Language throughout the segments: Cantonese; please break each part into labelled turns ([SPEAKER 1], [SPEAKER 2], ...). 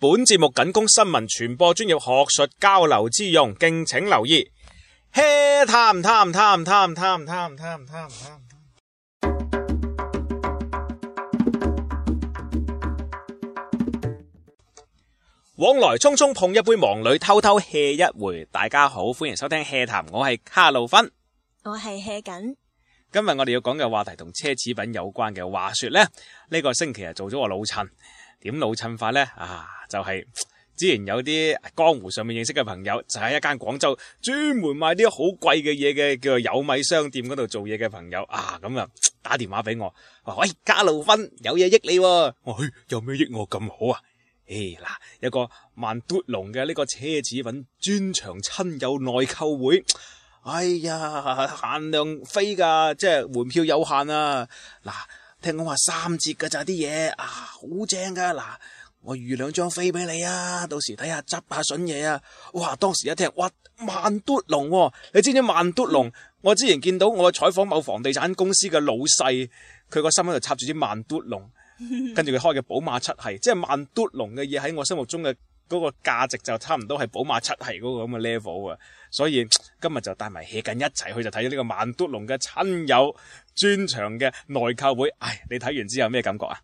[SPEAKER 1] 本節目僅供新聞傳播專業學術交流之用，敬請留意 ination, goodbye, pagar, marry, üman,。嘿，唔談談談唔談談談。往來匆匆碰一杯，忙裏偷偷嘿一回。大家好，歡迎收聽《嘿談》，我係卡路芬，
[SPEAKER 2] 我係嘿緊。
[SPEAKER 1] 今日我哋要講嘅話題同奢侈品有關嘅話說呢，呢個星期日做咗個老襯。點老襯法咧？啊，就係、是、之前有啲江湖上面認識嘅朋友，就喺、是、一間廣州專門賣啲好貴嘅嘢嘅叫做有米商店嗰度做嘢嘅朋友啊，咁啊打電話俾我，話喂，加路分有嘢益你，啊，我、哎、去有咩益我咁好啊？誒嗱，一個萬奪龍嘅呢個奢侈品專場親友內購會，哎呀，限量飛噶，即係門票有限啊，嗱。聽講話三折嘅就係啲嘢啊，好正噶！嗱，我預兩張飛俾你啊，到時睇下執下笋嘢啊！哇，當時一聽哇，萬獨龍、哦，你知唔知萬獨龍？嗯、我之前見到我去採訪某房地產公司嘅老細，佢個心喺度插住啲萬獨龍，跟住佢開嘅寶馬七系，即係萬獨龍嘅嘢喺我心目中嘅。嗰個價值就差唔多係寶馬七系嗰個咁嘅 level 啊，所以今日就帶埋協瑾一齊去就睇咗呢個萬都龍嘅親友專場嘅內購會，唉，你睇完之後後咩感覺啊？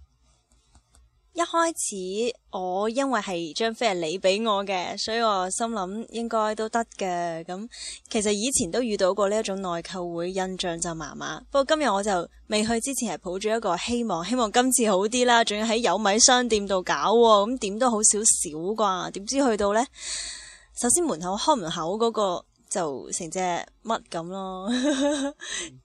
[SPEAKER 2] 一開始我因為係張飛係你俾我嘅，所以我心諗應該都得嘅。咁其實以前都遇到過呢一種內購會，印象就麻麻。不過今日我就未去之前係抱住一個希望，希望今次好啲啦。仲要喺有米商店度搞，咁點都好少少啩。點知去到呢？首先門口開門口嗰個。就成只乜咁咯，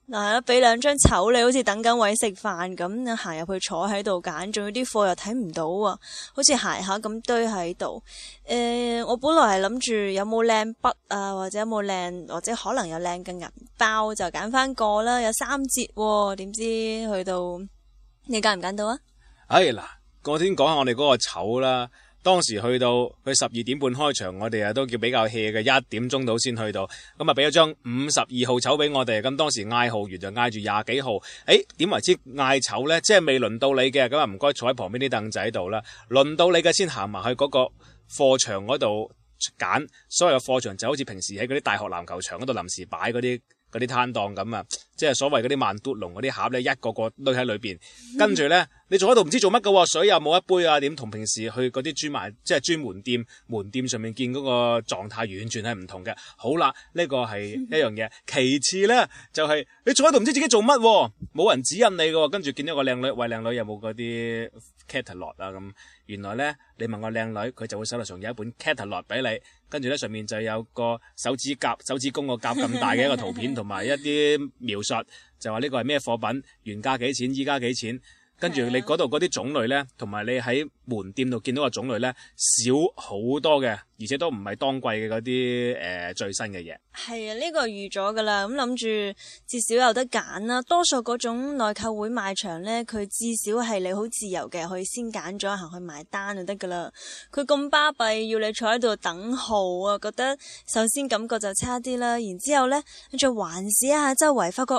[SPEAKER 2] 嗱俾兩張丑，你好似等緊位食飯咁行入去坐喺度揀，仲有啲貨又睇唔到啊，好似鞋盒咁堆喺度。誒、欸，我本來係諗住有冇靚筆啊，或者有冇靚，或者可能有靚嘅銀包，就揀翻個啦，有三折、啊，點知去到你揀唔揀到啊？
[SPEAKER 1] 哎嗱，過天講下我哋嗰個丑啦。當時去到佢十二點半開場，我哋啊都叫比較 hea 嘅，一點鐘度先去到，咁啊俾咗張五十二號籌俾我哋，咁當時嗌號員就嗌住廿幾號，誒、欸、點為之嗌籌咧？即係未輪到你嘅，咁啊唔該坐喺旁邊啲凳仔度啦，輪到你嘅先行埋去嗰個貨場嗰度揀，所謂嘅貨場就好似平時喺嗰啲大學籃球場嗰度臨時擺嗰啲嗰啲攤檔咁啊。即係所謂嗰啲曼嘟龍嗰啲盒咧，一個個堆喺裏邊，跟住咧，你坐喺度唔知做乜噶喎，水又冇一杯啊，點同平時去嗰啲專賣即係專門店門店上面見嗰個狀態完全係唔同嘅。好啦，呢、這個係一樣嘢。其次咧，就係、是、你坐喺度唔知自己做乜，冇人指引你嘅喎。跟住見到個靚女，喂，靚女有冇嗰啲 catalog 啊咁？原來咧，你問個靚女，佢就會手頭上有一本 catalog 俾你，跟住咧，上面就有個手指甲手指公個甲咁大嘅一個圖片，同埋一啲描述。 就話呢個係咩貨品，原價幾錢，依家幾錢，跟住你嗰度嗰啲種類咧，同埋你喺。門店度見到個種類呢，少好多嘅，而且都唔係當季嘅嗰啲誒最新嘅嘢。
[SPEAKER 2] 係啊，呢個預咗噶啦，咁諗住至少有得揀啦。多數嗰種內購會賣場呢，佢至少係你好自由嘅，可以先揀咗行去買單就得噶啦。佢咁巴閉，要你坐喺度等號啊，覺得首先感覺就差啲啦。然之後呢，你再環視一下周圍，發覺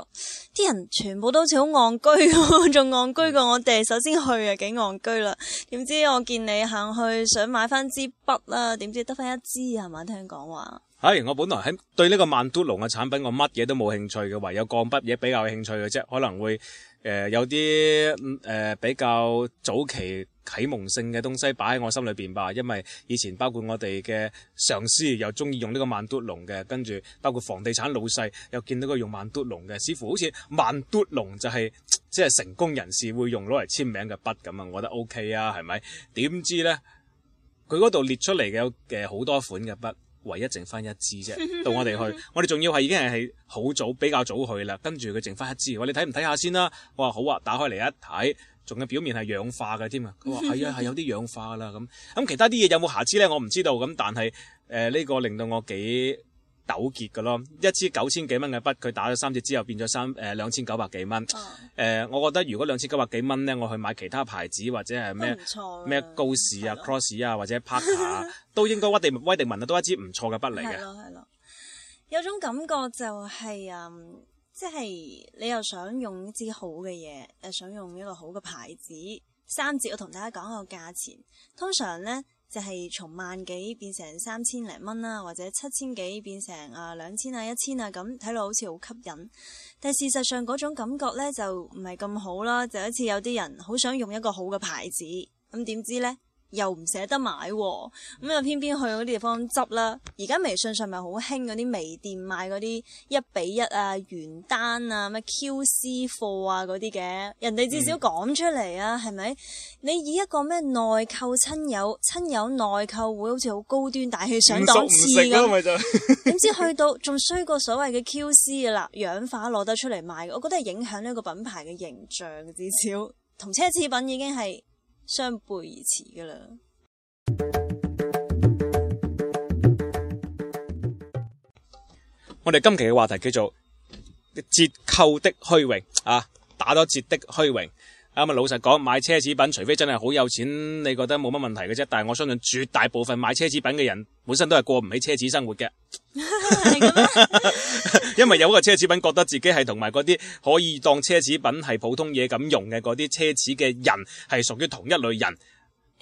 [SPEAKER 2] 啲人全部都好似好戇居咁，仲戇居過我哋。首先去啊幾戇居啦，點知？我見你行去想買翻支筆啦，點知得翻一支係嘛？聽講話，
[SPEAKER 1] 係我本來喺對呢個曼都龍嘅產品，我乜嘢都冇興趣嘅，唯有鋼筆嘢比較有興趣嘅啫，可能會誒、呃、有啲誒、呃、比較早期。啟蒙性嘅東西擺喺我心裏邊吧，因為以前包括我哋嘅上司又中意用呢個曼度龍嘅，跟住包括房地產老細又見到佢用曼度龍嘅，似乎好似曼度龍就係即係成功人士會用攞嚟簽名嘅筆咁啊，我覺得 OK 啊，係咪？點知呢？佢嗰度列出嚟嘅嘅好多款嘅筆，唯一剩返一支啫，到我哋去， 我哋仲要係已經係好早比較早去啦，跟住佢剩返一支，我哋睇唔睇下先啦、啊，我話好啊，打開嚟一睇。仲有表面係氧化嘅添啊！佢話係啊，係有啲氧化啦咁。咁其他啲嘢有冇瑕疵咧？我唔知道咁，但係誒呢個令到我幾糾結嘅咯。一支九千幾蚊嘅筆，佢打咗三折之後變咗三誒兩千九百幾蚊。誒、哦呃，我覺得如果兩千九百幾蚊咧，我去買其他牌子或者係咩咩高士啊、Cross 啊或者 Parker、er, 都應該威迪威迪文啊，都一支唔錯嘅筆嚟嘅。
[SPEAKER 2] 係咯，有種感覺就係、是、嗯。即係你又想用一支好嘅嘢，又想用一個好嘅牌子，三折我同大家講個價錢，通常呢就係、是、從萬幾變成三千零蚊啦，或者七千幾變成啊兩千啊一千啊，咁睇落好似好吸引，但事實上嗰種感覺呢就唔係咁好啦，就好似有啲人好想用一個好嘅牌子，咁、嗯、點知呢？又唔捨得買、啊，咁又偏偏去嗰啲地方執啦。而家微信上咪好興嗰啲微店買嗰啲一比一啊、原單啊、咩 QC 貨啊嗰啲嘅，人哋至少講出嚟啊，係咪、嗯？你以一個咩內購親友、親友內購會，好似好高端大氣上檔次咁，點、啊就是、 知去到仲衰過所謂嘅 QC 啦，氧化攞得出嚟賣，我覺得係影響呢個品牌嘅形象，至少同奢侈品已經係。相背而馳㗎喇！
[SPEAKER 1] 我哋今期嘅話題叫做折扣的虛榮啊，打咗折的虛榮。咁啊，老實講，買奢侈品，除非真係好有錢，你覺得冇乜問題嘅啫。但係我相信絕大部分買奢侈品嘅人，本身都係過唔起奢侈生活嘅。 因為有一個奢侈品覺得自己係同埋嗰啲可以當奢侈品係普通嘢咁用嘅嗰啲奢侈嘅人，係屬於同一類人。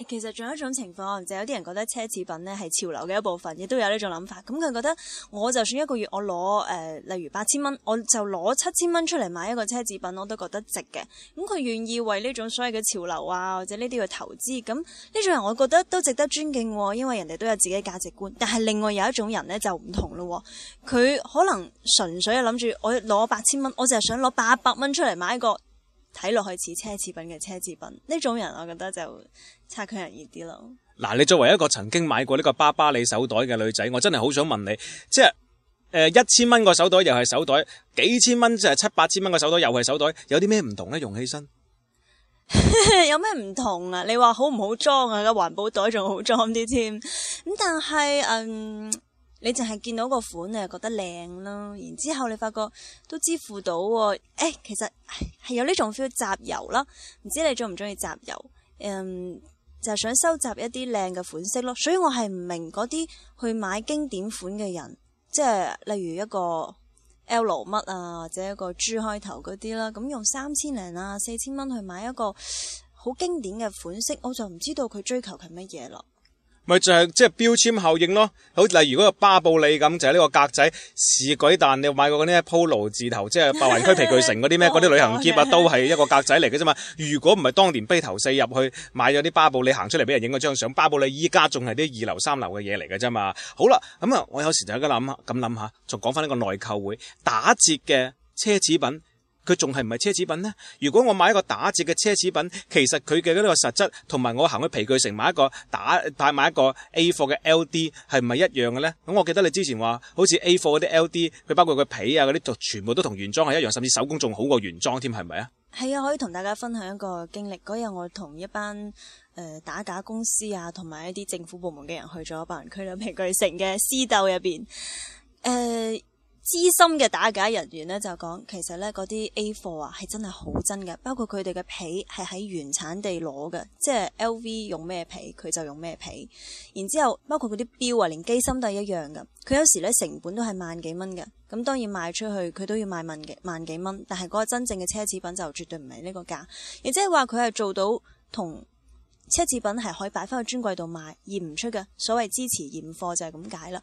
[SPEAKER 2] 其實仲有一種情況，就係，有啲人覺得奢侈品呢係潮流嘅一部分，亦都有呢種諗法。咁佢覺得我就算一個月我攞，誒、呃，例如八千蚊，我就攞七千蚊出嚟，買一個奢侈品，我都覺得值嘅。咁佢願意為呢種所謂嘅潮流啊，或者呢啲嘅投資。咁呢種人，我覺得都值得尊敬，哦，因為人哋都有自己嘅價值觀。但係另外有一種人呢，就唔同啦，哦，佢可能純粹諗住我攞八千蚊，我就係想攞八百蚊出嚟買一個。睇落去似奢侈品嘅奢侈品，呢種人，我覺得就差強人意啲咯。
[SPEAKER 1] 嗱， 你作為一個曾經買過呢個巴巴利手袋嘅女仔，我真係好想問你，即係一千蚊個手袋又係手袋，幾千蚊即係七八千蚊個手袋又係手袋，有啲咩唔同呢？用起身
[SPEAKER 2] 有咩唔同啊？你話好唔好裝啊？個環保袋仲好裝啲添咁，但係嗯。你淨係見到個款，你又覺得靚啦，然之後你發覺都支付到喎、哦哎，其實係有呢種 feel 集郵啦，唔知你中唔中意集郵？嗯，就係、係、想收集一啲靚嘅款式咯。所以我係唔明嗰啲去買經典款嘅人，即係例如一個 L 乜啊，或者一個 G 開頭嗰啲啦，咁用三千零啊四千蚊去買一個好經典嘅款式，我就唔知道佢追求係乜嘢咯。
[SPEAKER 1] 咪就係即係標籤效應咯，好例如嗰個巴布利咁，就係、是、呢個格仔試鬼蛋。你買過嗰啲 Polo 字頭，即係白雲區皮具城嗰啲咩嗰啲旅行喼啊，都係一個格仔嚟嘅啫嘛。如果唔係當年披頭四入去買咗啲巴布利，行出嚟俾人影嗰張相，巴布利依家仲係啲二流三流嘅嘢嚟嘅啫嘛。好啦，咁、嗯、我有時就喺度諗下，咁諗下，就講返呢個內購會打折嘅奢侈品。佢仲係唔係奢侈品呢？如果我買一個打折嘅奢侈品，其實佢嘅呢個實質同埋我行去皮具城買一個打大買一個 A 貨嘅 L D 係唔係一樣嘅呢？咁我記得你之前話好似 A 貨嗰啲 L D，佢包括佢皮啊嗰啲，全部都同原裝係一樣，甚至手工仲好過原裝添，係咪啊？
[SPEAKER 2] 係啊，可以同大家分享一個經歷。嗰日我同一班誒、呃、打假公司啊，同埋一啲政府部門嘅人去咗白雲區嘅皮具城嘅私竇入邊，誒、呃。資深嘅打假人員咧，就講，其實咧嗰啲 A 貨啊係真係好真嘅，包括佢哋嘅皮係喺原產地攞嘅，即係 LV 用咩皮佢就用咩皮，然之後包括佢啲錶啊，連機芯都係一樣嘅。佢有時咧成本都係萬幾蚊嘅，咁當然賣出去佢都要賣萬幾萬幾蚊，但係嗰個真正嘅奢侈品就絕對唔係呢個價，亦即係話佢係做到同奢侈品係可以擺翻去專櫃度賣驗唔出嘅，所謂支持驗貨就係咁解啦。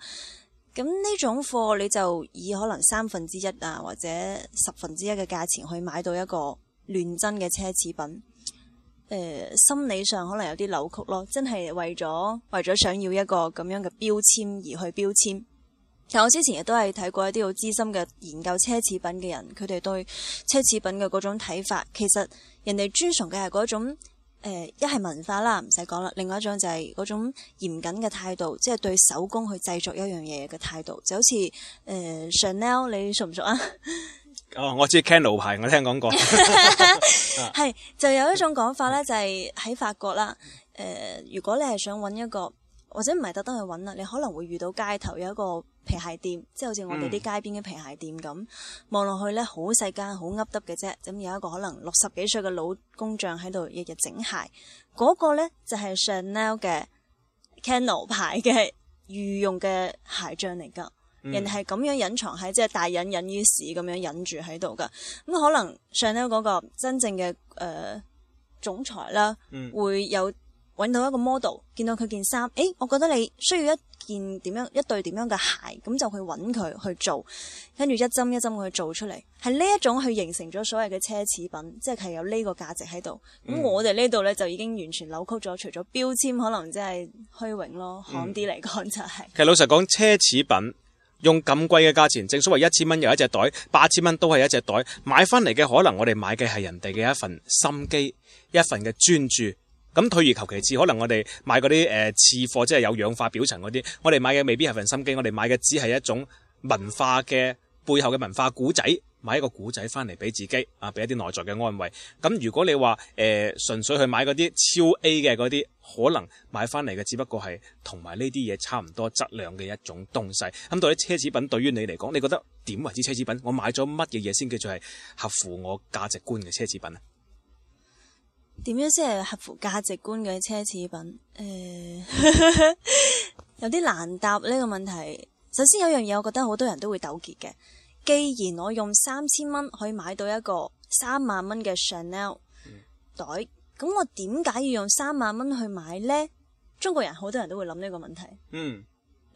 [SPEAKER 2] 咁呢種貨你就以可能三分之一啊或者十分之一嘅價錢去買到一個亂真嘅奢侈品，誒、呃，心理上可能有啲扭曲咯。真係為咗為咗想要一個咁樣嘅標籤而去標籤。但係我之前亦都係睇過一啲好資深嘅研究奢侈品嘅人，佢哋對奢侈品嘅嗰種睇法，其實人哋尊崇嘅係嗰種。誒一係文化啦，唔使講啦。另外一種就係嗰種嚴謹嘅態度，即係對手工去製作一樣嘢嘅態度，就好似誒、呃、Chanel，你熟唔熟
[SPEAKER 1] 啊？哦，我知 Chanel 牌，我聽講過。
[SPEAKER 2] 係，就有一種講法咧，就係、是、喺法國啦。誒、呃，如果你係想揾一個，或者唔係特登去揾啦，你可能會遇到街頭有一個。皮鞋店，即係好似我哋啲街邊嘅皮鞋店咁，望落、嗯、去咧好細間，好鴨耷嘅啫。咁有一個可能六十幾歲嘅老工匠喺度日日整鞋，嗰、那個咧就係、是、Chanel 嘅 Canel n 牌嘅御用嘅鞋匠嚟噶。嗯、人哋係咁樣隱藏喺，即、就、係、是、大隱隱於市咁樣隱住喺度噶。咁可能 Chanel 嗰個真正嘅誒、呃、總裁啦，嗯、會有搵到一個 model，見到佢件衫，誒，我覺得你需要一。見點樣一對點樣嘅鞋，咁就去揾佢去做，跟住一針一針去做出嚟，係呢一種去形成咗所謂嘅奢侈品，即係有呢個價值喺度。咁、嗯、我哋呢度呢，就已經完全扭曲咗，除咗標籤可能即係虛榮咯，行啲嚟講就係、是。
[SPEAKER 1] 其實老實講，奢侈品用咁貴嘅價錢，正所謂一千蚊有一隻袋，八千蚊都係一隻袋，買翻嚟嘅可能我哋買嘅係人哋嘅一份心機，一份嘅專注。咁退而求其次，可能我哋買嗰啲誒次貨，即係有氧化表層嗰啲，我哋買嘅未必係份心機，我哋買嘅只係一種文化嘅背後嘅文化古仔，買一個古仔翻嚟俾自己啊，俾一啲內在嘅安慰。咁如果你話誒、呃、純粹去買嗰啲超 A 嘅嗰啲，可能買翻嚟嘅只不過係同埋呢啲嘢差唔多質量嘅一種東西。咁到底奢侈品對於你嚟講，你覺得點為之奢侈品？我買咗乜嘢先叫做係合乎我價值觀嘅奢侈品啊？
[SPEAKER 2] 點樣先係合乎價值觀嘅奢侈品？誒、uh, 有啲難答呢個問題。首先有樣嘢，我覺得好多人都會糾結嘅。既然我用三千蚊可以買到一個三萬蚊嘅 Chanel 袋，咁、嗯、我點解要用三萬蚊去買呢？中國人好多人都會諗呢個問題。嗯，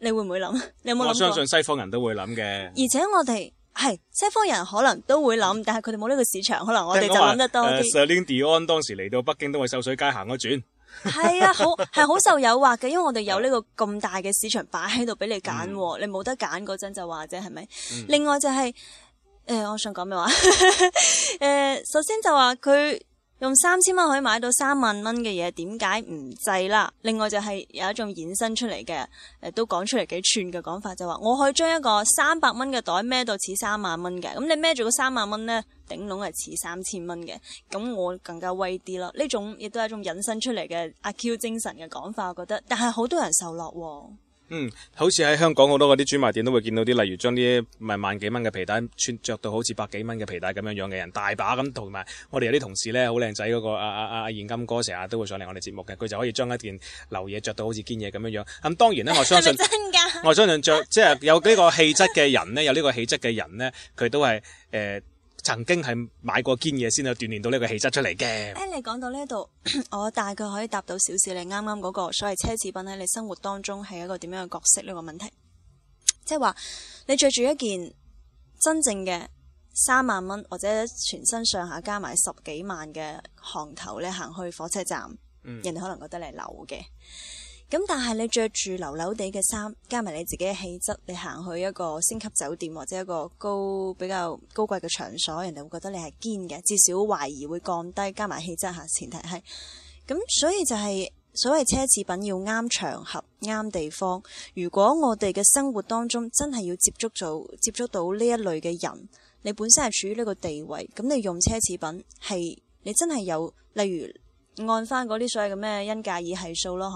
[SPEAKER 2] 你會唔會諗？ 你有冇諗過？我
[SPEAKER 1] 相信西方人都會諗嘅。而
[SPEAKER 2] 且我哋。係西方人可能都會諗，但係佢哋冇呢個市場，可能我哋就諗得多啲。
[SPEAKER 1] Celine Dion 當時嚟到北京都去秀水街行咗轉。
[SPEAKER 2] 係 啊，好係好受誘惑嘅，因為我哋有呢個咁大嘅市場擺喺度俾你揀，嗯、你冇得揀嗰陣就話啫，係咪？嗯、另外就係、是、誒、呃，我想講咩話？誒、 呃，首先就話佢。用三千蚊可以買到三萬蚊嘅嘢，點解唔制啦？另外就係有一種衍生出嚟嘅，誒都講出嚟幾串嘅講法，就話我可以將一個三百蚊嘅袋孭到似三萬蚊嘅，咁你孭住個三萬蚊呢，頂籠係似三千蚊嘅，咁我更加威啲咯。呢種亦都係一種引申出嚟嘅阿 Q 精神嘅講法，我覺得，但係好多人受落，哦。
[SPEAKER 1] 嗯，好似喺香港好多嗰啲專賣店都會見到啲，例如將啲唔係萬幾蚊嘅皮帶穿着到好似百幾蚊嘅皮帶咁樣樣嘅人，大把咁。同埋我哋有啲同事咧，好靚仔嗰個啊啊啊現金哥，成日都會上嚟我哋節目嘅，佢就可以將一件流嘢着到好似堅嘢咁樣樣。咁、嗯、當然咧，我相信，係係我相信着，即係有呢個氣質嘅人咧，有呢個氣質嘅人咧，佢都係誒。呃曾經係買過堅嘢，先有鍛煉到呢個氣質出嚟嘅。誒，
[SPEAKER 2] 你講到呢度，我大概可以答到少少。你啱啱嗰個所謂奢侈品喺你生活當中係一個點樣嘅角色呢個問題。即係話，你着住一件真正嘅三萬蚊或者全身上下加埋十幾萬嘅行頭咧，行去火車站，嗯、人哋可能覺得你係流嘅。咁但係你着住流流地嘅衫，加埋你自己嘅氣質，你行去一個星級酒店或者一個高比較高貴嘅場所，人哋會覺得你係堅嘅，至少懷疑會降低加埋氣質吓。前提係，咁所以就係、是、所謂奢侈品要啱場合啱地方。如果我哋嘅生活當中真係要接觸到接觸到呢一類嘅人，你本身係處於呢個地位，咁你用奢侈品係你真係有，例如。按翻嗰啲所謂嘅咩恩格爾係數咯，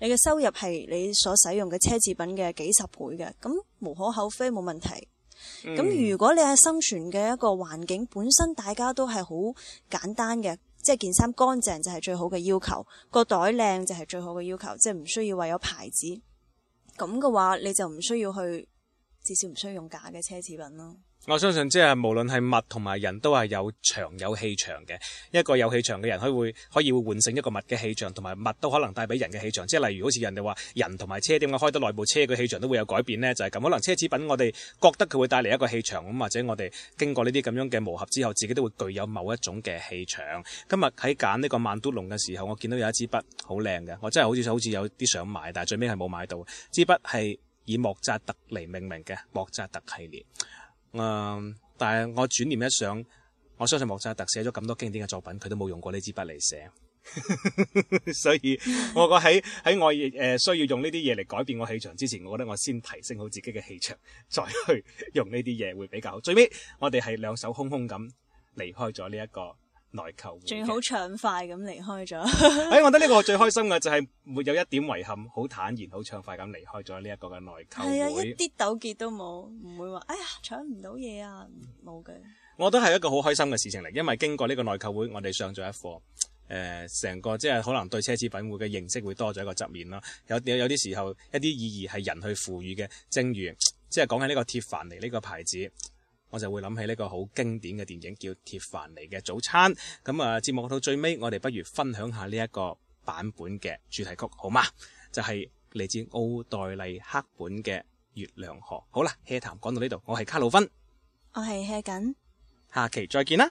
[SPEAKER 2] 吓你嘅收入係你所使用嘅奢侈品嘅幾十倍嘅，咁無可厚非冇問題。咁、嗯、如果你係生存嘅一個環境，本身大家都係好簡單嘅，即係件衫乾淨就係最好嘅要求，個袋靚就係最好嘅要求，即係唔需要話有牌子。咁嘅話，你就唔需要去，至少唔需要用假嘅奢侈品咯。
[SPEAKER 1] 我相信即係無論係物同埋人都係有長有氣場嘅。一個有氣場嘅人，佢會可以會喚醒一個物嘅氣場，同埋物都可能帶俾人嘅氣場。即係例如好似人哋話人同埋車點解開得耐部車嘅氣場都會有改變呢，就係咁。可能奢侈品我哋覺得佢會帶嚟一個氣場咁，或者我哋經過呢啲咁樣嘅磨合之後，自己都會具有某一種嘅氣場。今日喺揀呢個曼都龍嘅時候，我見到有一支筆好靚嘅，我真係好似好似有啲想買，但係最尾係冇買到。支筆係以莫扎特嚟命名嘅莫扎特系列。誒、嗯，但係我轉念一想，我相信莫扎特寫咗咁多經典嘅作品，佢都冇用過呢支筆嚟寫， 所以我覺喺喺我誒需要用呢啲嘢嚟改變我氣場之前，我覺得我先提升好自己嘅氣場，再去用呢啲嘢會比較好，最尾我哋係兩手空空咁離開咗呢一個。內購會仲要
[SPEAKER 2] 好暢快咁離開咗， 哎！我覺得呢個
[SPEAKER 1] 最開心嘅就係沒有一點遺憾，好坦然、好暢快咁離開咗呢一個嘅內購會，係啊，一啲
[SPEAKER 2] 糾結都冇，唔會話哎呀搶唔到嘢啊，冇嘅、嗯。
[SPEAKER 1] 我都係一個好開心嘅事情嚟，因為經過呢個內購會，我哋上咗一課，誒、呃，成個即係可能對奢侈品會嘅認識會多咗一個側面啦。有有啲時候，一啲意義係人去賦予嘅，正如即係講緊呢個鐵凡尼呢個牌子。我就會諗起呢個好經典嘅電影叫《鐵凡尼嘅早餐》。咁、嗯、啊，節目到最尾，我哋不如分享下呢一個版本嘅主題曲，好嗎？就係、是、嚟自奧黛麗·赫本嘅《月亮河》好。好啦 HEA 談講到呢度，我係卡魯芬，
[SPEAKER 2] 我係 HEA 緊，
[SPEAKER 1] 下期再見啦。